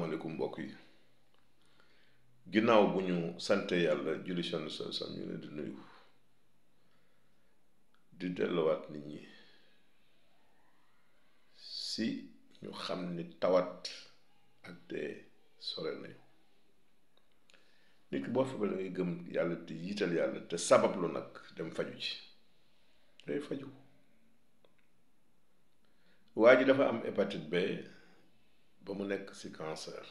maaleykum mbokk yi ginnaaw bu ñu sante yàlla julli seen sam ñu leen di nuyu di delluwaat nit ñi si ñu xam ni tawat ak dee sore nañu nit ki boo feebaree ngay gëm yàlla te yiital yàlla te sabablu nag dem faju ci day faju waa ji dafa am hépatite B ba mu nekk si cancer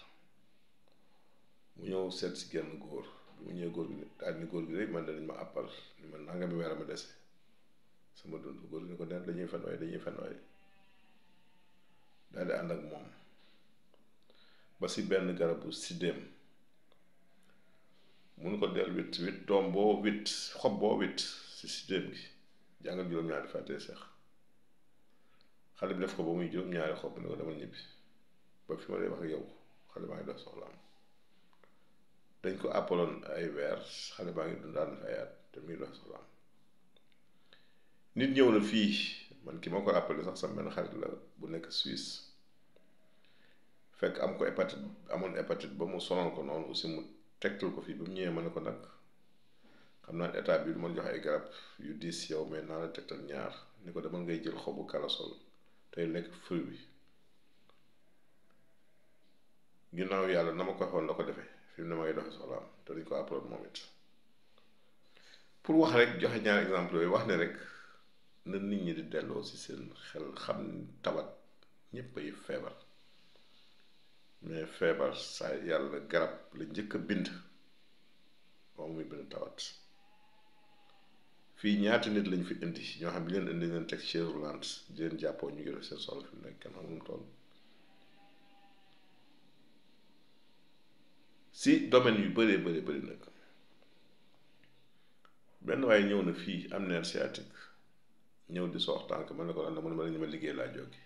mu ñëw seet si genn góor bi mu ñëwee góor gi daal ni góor gi rek man dañ ma àppal ni man nanga mi weer a ma sama dund góor gi ko neen dañuy fen waaye dañuy fen waaye di ànd ak moom ba ci benn garabu siddéem mu mun ko dell wit wit doom boo wit xob boo wit si siddéem gi jàngal juróom-ñaari fàttee seex xale bi def ko ba muy juróom-ñaari xob ni ko demal ñibbi ba fi ma lay wax ak yow xale baa ngi dox soxlaam dañ ko àppaloon ay weer xale baa ngi dundaan na te muy dox soxlaam nit ñëw na fii man ki ma ko appelé sax sama benn xarit la bu nekk Suisse fekk am ko hépatite amoon hépatite ba mu sonal ko noonu aussi mu tegtal ko fii ba mu ñëwee ma ne ko nag xam naa état bi du ma jox ay garab yu diis yow mais naa la tegtal ñaar ni ko demal ngay jël xobu corossol tey nekk fruit ginnaaw yàlla na ma ko waxoon la ko defee fi mu ne ma ngi doxee soxlaam te duñ ko apprendre moom it pour wax rek joxe ñaar exemple yooyu wax ne rek na nit ñi di delloo ci seen xel xam tawat ñëpp ay feebar mais feebar saa yàlla garab la njëkk a bind moom muy bind tawat fii ñaata nit lañ fi indi ñoo xam bi leen indi leen teg chaise roulante di leen jàppoo ñu ngi def seen soxla fi nekk kenn xamul mu tool si domaine yu bëree bëri bëri nag benn waaye ñëw na fii am neer sciatique ñëw di soox tànk ma ne ko lan la man ma ne ma liggéey laa jóge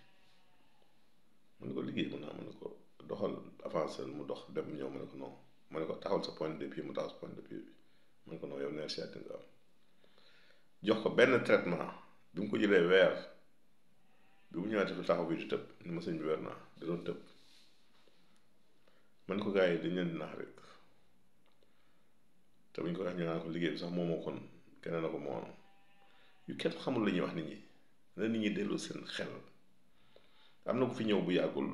mu ne ko liggéey mun naa ma ne ko doxal avancé mu dox dem ñëw ma ne ko non ma ne ko taxawal sa point de pied mu taxaw sa point de pied bi ma ne ko non yow nerf sciatique nga am jox ko benn traitement bi mu ko jëlee weer bi mu ñëwaatee du taxaw bi du tëb ni ma sëñ bi weer naa tëb. man ko gaay dañ leen nax rek te buñ ko wax ñu naan ko liggéey bi sax moo kon keneen na ko moo am yu kenn xamul la ñuy wax nit ñi na nit ñi delloo seen xel am na ko fi ñëw bu yàggul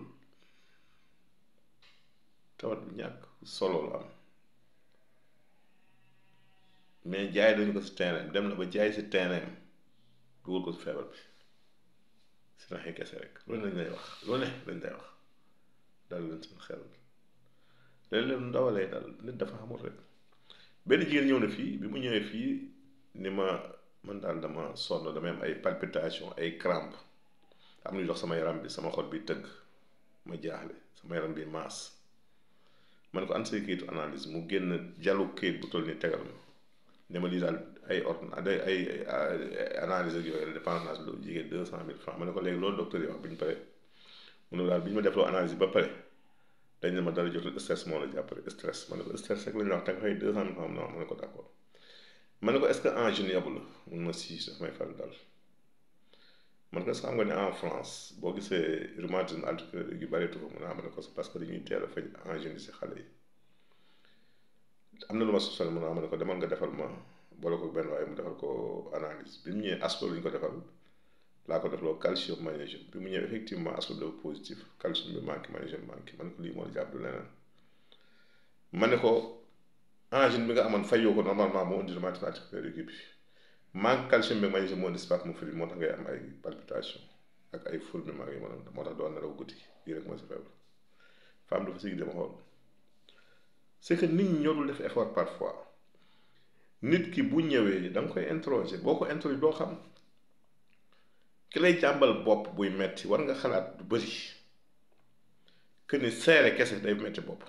tawat bi ñàkk solo la am mais jaay dañu ko si teeneem dem na ba jaay si teeneem dugal ko si feebar bi si naxee kese rek loolu lañ lay wax loolu lañ lay wax dal leen seen xel. léeg leen ndaw lay dal nit dafa xamul rek benn jigéen ñëw na fii bi mu ñëwee fii ni ma mën daal dama sonn dama am ay palpitation ay crampe am lu dox sama yaram bi sama xol bi tëgg ma jaaxle sama yaram bi maas ma ne ko an say analyse mu génn jalu kayit bu toll ni tegal ma ne ma lii daal ay ordonnance ay ay analyse ak yooyu la dépendance lu jigéen deux cent mille francs ma ne ko léegi loolu docteur yi wax bi ñu pare mu ne daal bi ñu ma defloo analyse ba pare dañ ne ma dara jotul stress moo la jàppale stress ma ne ko stress rek la ñu wax te deux ma ne ko d' en jeune yabu la mun ma si daf may faral daal man ne en France boo gisee rhumatisme altitude yu bëreetu ko mun am ne ko parce que dañuy teel a faj en jeune si xale na lu ma soupçonné mun a am ne ko demal nga defal ma boole ko benn waaye mu defal ko analyse bi mu ñëwee aspro la ñu ko defal. laa ko def loo calcium magnésium bi mu ñëw effectivement assoudé positif calcium bi manqué magnésium manqué man ko lii moo jàpp du leneen ma ne ko angine bi nga amoon fayoo ko normalement moo indi dermatite péricube bi manque calcium bi magnésium moo indi spasme fri tax ngay am ay palpitation ak ay fourmillement yi ma doon moo tax doon nelaw guddi lii rek mooy sa feebar femme dafa sigi dama xool c'est que nit ñi ñoo dul def effort parfois nit ki bu ñëwee da nga koy interroger boo ko interroger doo xam. ki lay jàmbal bopp buy metti war nga xalaat du bëri que ni seere kese day metti bopp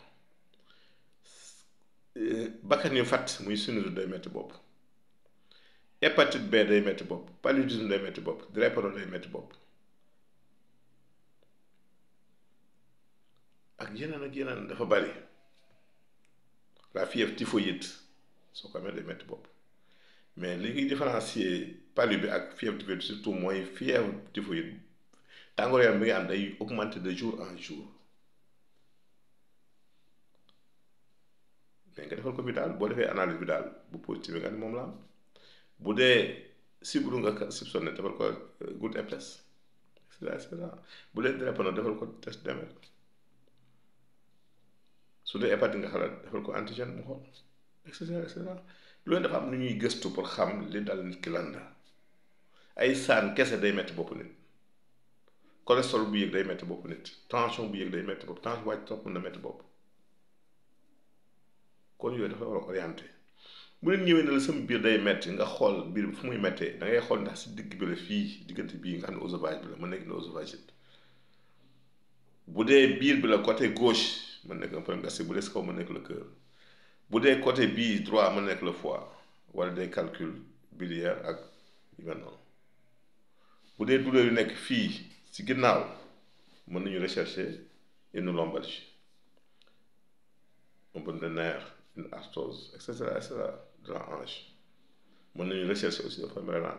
euh, bakkan yu fàtt muy sinusite day metti bopp hépatite B day metti bopp paludisme day metti bopp drépano day metti bopp ak yeneen ak yeneen dafa bari la fièvre typhoïde soo ko amee day metti bopp mais li ñuy différencier bi ak fièvre typhoïde mooy fièvre typhoïde tàngoor yaram bi nga am day jour en jour mais nga defal ko bi daal boo defee analyse bi daal bu positif nga ne moom la bu dee sibru nga soupçonné defal ko euh, goutte épaisse et cetera bu dee drépano defal ko test demel su dee hépatite nga xalaat defal ko antigène mu xool et loolu dafa am lu ñuy gëstu pour xam li dal nit ki lan la ay saan kese day metti bopp nit cholestérol bu yëg day metti bopp nit tension bu yëg day metti bopp tension wàcc topp mën na metti bopp kon yooyu dafa war a orienté bu leen ñëwee na la sama biir day metti nga xool biir bi fu muy mettee dangay xool ndax si digg bi la fii diggante bii nga xam ne œsophage bi la ma nekk ne œsophage bu dee biir bi la côté gauche mën nekk un problème gastrique bu dee si kaw nekk le cœur bu dee côté bii droit ma nekk le fois wala des calculs biliaires ak yu mel noonu bu dee douleur yu nekk fii ci ginnaaw mën nañu rechercher une lombalgie un bën de nerf mën nañu rechercher aussi dafa mélange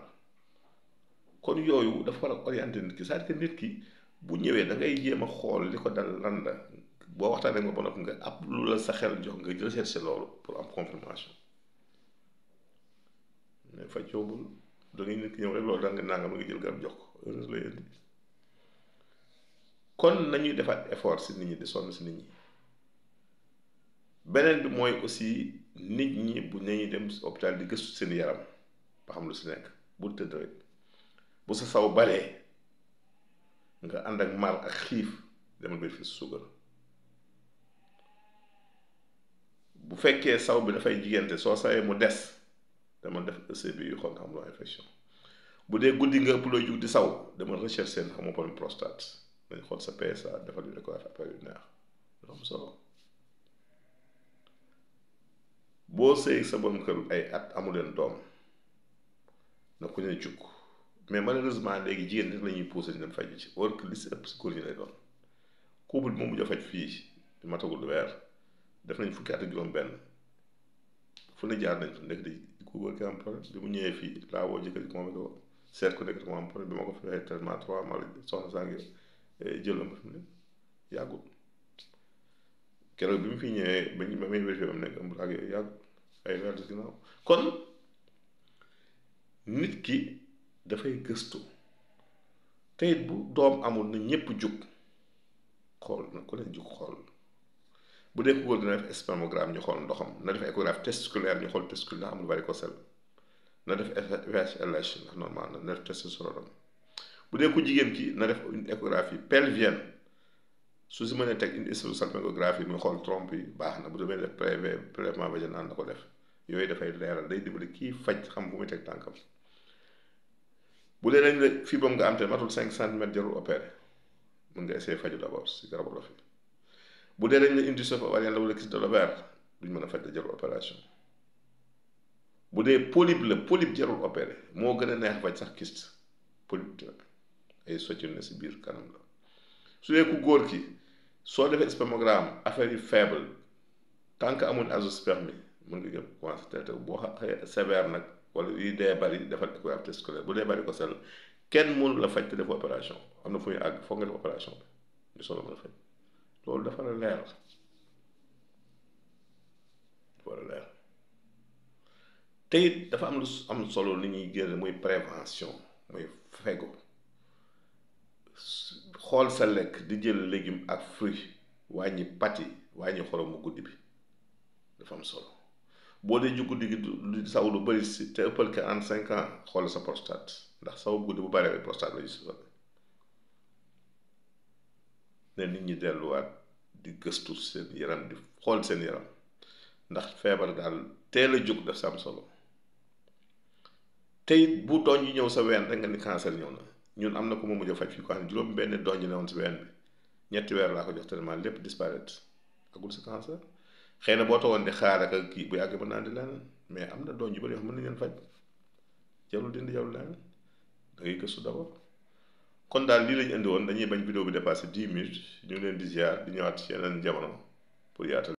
kon yooyu dafa war a orienter nit ki cest à nit ki bu ñëwee da ngay jéem a xool li ko dal lan la boo waxtaanee ma ba noppi nga ab lu la sa xel jox nga recherche loolu pour am confirmation mais fa coobul da ngay nit ñëw rek loolu da nga ma nga jël garab jox ko kon nañuy defaat effort si nit ñi di sonn si nit ñi beneen bi mooy aussi nit ñi bu nañuy dem hôpital di gëstu seen yaram ba xam lu si nekk bul tëdd rek bu sa saw balee nga ànd ak mar ak xiif demal ba fi suugar bu fekkee saw bi dafay jigante soo sawee mu des dama def ECB yu xool nga xam loo infection bu dee guddi nga ëpp looy jug di saw dama recherche seen xamoo problème prostate dañ xool sa PSA defal yu découvert après yu neex lu am boo sëy sa borom kër ay at amuleen doom na ku ne jug mais malheureusement léegi jigéen rek la ñuy poussé di dem faj ci or que li si ëpp si góor ñi lay doon couple bi moom mujj a faj fii matagul weer def nañ fukki at juróom-benn fu ne jaar nañ fu nekk di ñëwee fii laa woo jëkkër ji bi ma ko fexee traitement trois mois la soxna eh, bi mu fi ñëwee ba ñu ba muy wér am nekk ëmb ak yooyu yàggul ay nit ki dafay gëstu te bu doom amul nañ ñëpp jug xool na ku ne jug xool. bu dee ku góor dina def spermogramme ñu xool ndoxam na def échographie testiculaire ñu xool testicule na amul varicocèle na def VHLH ndax normal na def testostérone bu dee ku jigéen ki na def une échographie pelvienne su si mënee teg une sténosalpingographie muy xool trompe bi baax na bu demee def prélèvement vaginal na ko def yooyu dafay leeral day dimbali kii faj xam bu muy teg tànkam bu dee dañ la fibrome nga am te matul 5 centimètres jarul opéré mun nga essayer faju si garabu bu dee dañ la induction ovarienne la wala kyste de l'ovaire duñ mën a faj la jarul bu dee polype la polype jarul opéré moo gën a neex faj sax kyste polype rek ay soccil na si biir kanam la su dee ku góor ki soo defee spermogramme affaire yi faible tant que amuñ azoospermie mun nga jëm commencé traité boo xa sévère nag walla yi dee bari defal ko ab test scolaire bu dee bari ko sell kenn mënu la faj te def opération am na fu ñu àgg foog nga def opération loolu dafa la leer dafa la te it dafa am lu am solo li ñuy jël muy prévention muy fego xool sa lekk di jël légume ak fruit wàññi pati wàññi xoromu guddi bi dafa am solo boo dee ju guddi gi du saw lu bëri si te ëppal quarante-cinq ans xool sa prostate ndax saw guddi bu bëree prostate la ñu ne nit ñi delluwaat di gëstu seen yaram di xool seen yaram ndax feebar daal teel a jug daf am solo te it bu doñ yi ñëw sa ween rek nga ni cancer ñëw na ñun am na ko ma mujj a faj fii quoi ne juróom benn doñ yi newoon si ween bi ñetti weer laa ko jox tellement lépp disparaître agul sa cancer xëy na boo toogoon di xaar ak kii bu yàgg mën naa di leen mais am na doñ yu bëri yoo xam ne mën nañ leen faj jarul dindi jarul leen da ngay gëstu d' abord kon daal lii lañu indi woon dañuy bañ vidéo bi dépassé dix minutes ñu ngi leen di ziar di ci yeneen jamono pour yaatal.